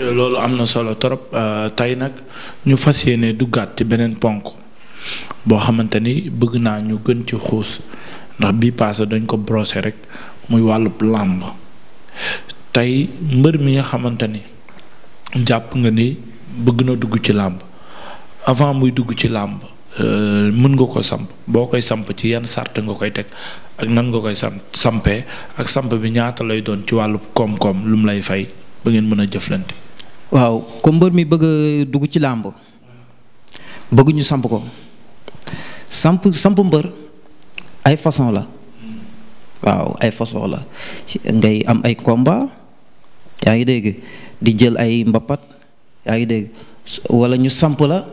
loolu am na solo trop euh, tey nag ñu fas yéene duggaat ci beneen ponk boo xamante ni bëgg naa ñu gën ci xuus ndax bii paase dañ ko brosser rek muy wàllub làmb tey mbër mi nga xamante ni jàpp nga ni bëgg na dugg ci làmb avant muy dugg ci làmb euh, mën nga ko samp boo koy samp ci yan sart nga koy teg ak nan nga koy samp sampee ak samp bi ñaata lay doon ci wàllu koom-koom lu mu lay fay ba ngeen mën a jëflante waaw comme mbër mi bëgg dugg ci làmb bëgguñu samp ko samp samp mbër ay façon la waaw ay façon la ngay am ay komba yaa ngi dégg di jël ay mbapat yaa ngi dégg wala ñu samp la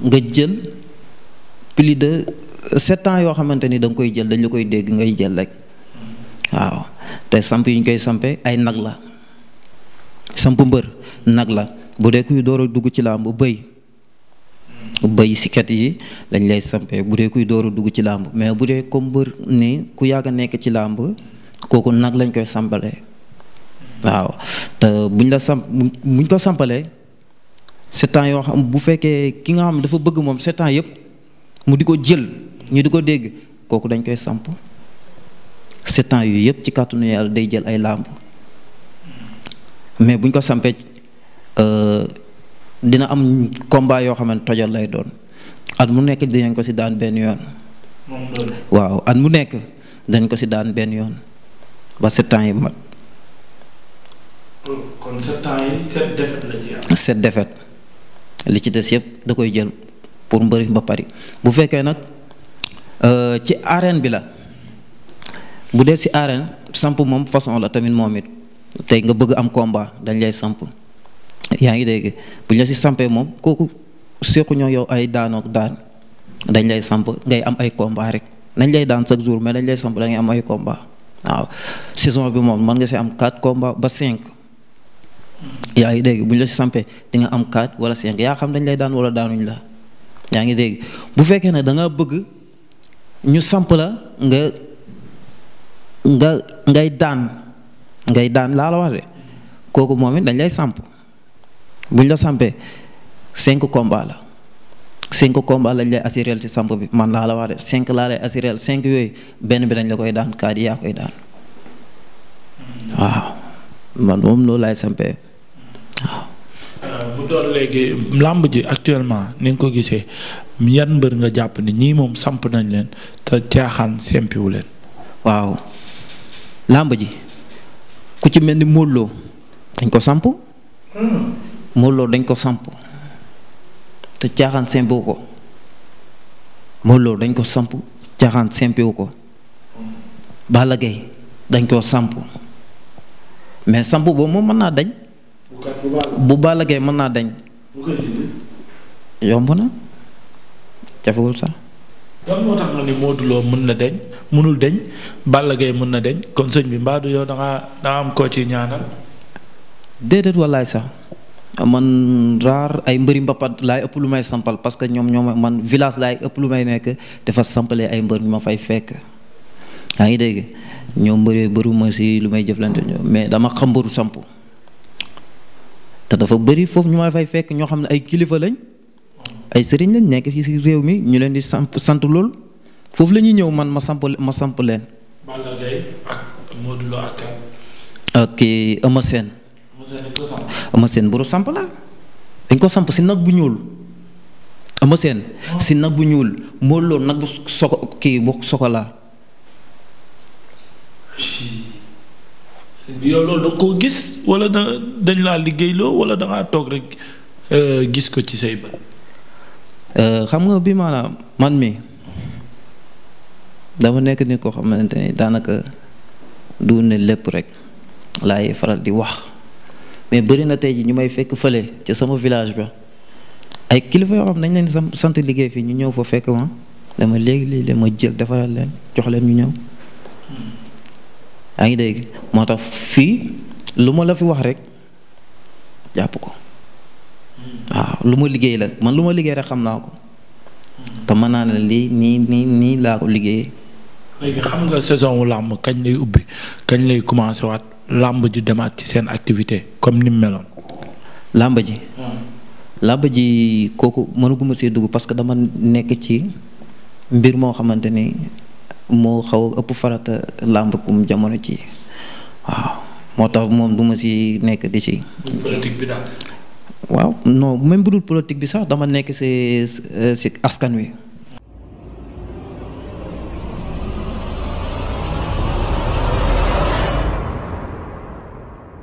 nga jël plus de sept ans yoo xamante ni da koy jël dañ la koy dégg ngay jël rek waaw te samp yi ñu koy sampe ay nag la samp mbër nag la bu dee kuy door a dugg ci làmb bëy bëy sikat yi lañ lay sampee bu dee kuy door a dugg ci làmb mais bu dee comme mbër ni ku yàgg a nekk ci làmb kooku nag lañ koy sampalee waaw te buñ la samp buñ ko sampalee sept yoo xam bu fekkee ki nga xam dafa bëgg moom sept yëpp mu di ko jël ñu di ko dégg kooku dañ koy samp sept ans yu yëpp ci kàttanu yàlla day jël ay làmb mais buñ ko sampee euh, dina am combat yoo xam ne tojal lay doon at mu nekk dinañ ko si daan benn yoon. waaw at mu nekk dañ ko si daan benn yoon ba sept ans yi mat. Oh, kon li ci des yëpp da koy jël pour mbëri ba pari bu fekkee nag euh, ci arène bi la bu dee si arène samp moom façon la tamit moom it. tey nga bëgg am komba dañ lay samp yaa ngi dégg buñ la si sampee moom kooku seeku ñoo yow ay daanook daan dañ lay samp ngay am ay combat rek nañ lay daan chaque jour mais dañ lay samp da am ay combat waaw saison bi moom mën nga si am 4 komba ba 5 yaa ngi dégg buñ la si sampee nga am 4 wala 5 yaa xam dañ lay daan wala daanuñ la yaa ngi dégg bu fekkee ne da bëgg ñu samp la nga nga ngay daan. ngay daan laa la wax de kooku moom it dañ lay samp buñ la sampee cinq combat la cinq combat lañ lay assuréel ci samp bi man laa la wax de cinq laa lay assuréel cinq yooyu benn bi dañ la koy daan kaadi yaa koy daan waaw man moom loolu laay sampee waaw. Euh, bu làmb ji actuellement ni nga gisee yan mbër nga jàpp ni moom samp nañ leen te leen. waaw ji. ku ci mel ni Modou Lo dañ ko samp hmm. Modou Lo dañ ko samp te caaxaan simpiwu ko Modou Lo dañ ko samp caaxaan simpiwu ko Balla Gaye dañ koo samp mais samp boobu moom mën naa dañ bu Balla Gaye mën naa dañ yomb na jafewul lan moo tax nga ni Modou Lo mën na deñ mënul deñ Balla Gaye mën na deñ kon sëñ bi mbaa du yow da ngaa am koo ci ñaanal. déedéet wallaay sax man raar ay mbëri mbapat laay ëpp lu may sampal parce que ñoom ñoom man village laay ëpp lu may nekk dafa sampalee ay mbër ñu ma fay fekk. yaa ngi dégg ñoom mbër bëruma si lu may jëflante ñoom mais dama xam mbëru samp te dafa ñu ma ñoo xam ne ay kilifa lañ. ay sëriñ lañ nekk fii si réew mi ñu leen di samp sant lool foofu lañuy ñëw man ma samp ma samp leen. Balla Gaye ak Modou Lo samp la dañ ko samp si nag bu ñuul. Eumeu Sène oh. si nag bu ñuul Modou Lo nag bu soko kii bu sokolaa. wala da dañ laa liggéeyloo wala da toog rek euh, gis ko ci say Euh, xam nga bii maanaam man mi dama nekk ni ko xamante ne daanaka du ne lépp rek laay faral di wax mais bëri na tey ji ñu may fekk fële ci sama village ba ay kilifa yoo xam nañ leen sant liggéey fii ñu ñëw fa fekk ma dama léegi léegi ma jël defaral leen jox leen ñu ñëw yaa ngi dégg moo tax fii lu ma la fi wax rek jàpp ko waaw lu ma liggéey la man lu ma liggéey rek xam naa ko. te mën naa ne lii nii nii nii laa ko liggéeyee. xam nga saison wu làmb kañ lay ubbi kañ lay commencé waat làmb ji demaat ci seen activité comme ni mu meloon. làmb ji. Hmm. làmb ji kooku mënuguma see dugg parce que dama nekk ci mbir moo xamante ni moo xaw a ëpp farata làmb kum jamono ci waaw moo tax moom du ma si nekk di si. waaw no même bu dul politique bi sax dama nekk si si askan wi.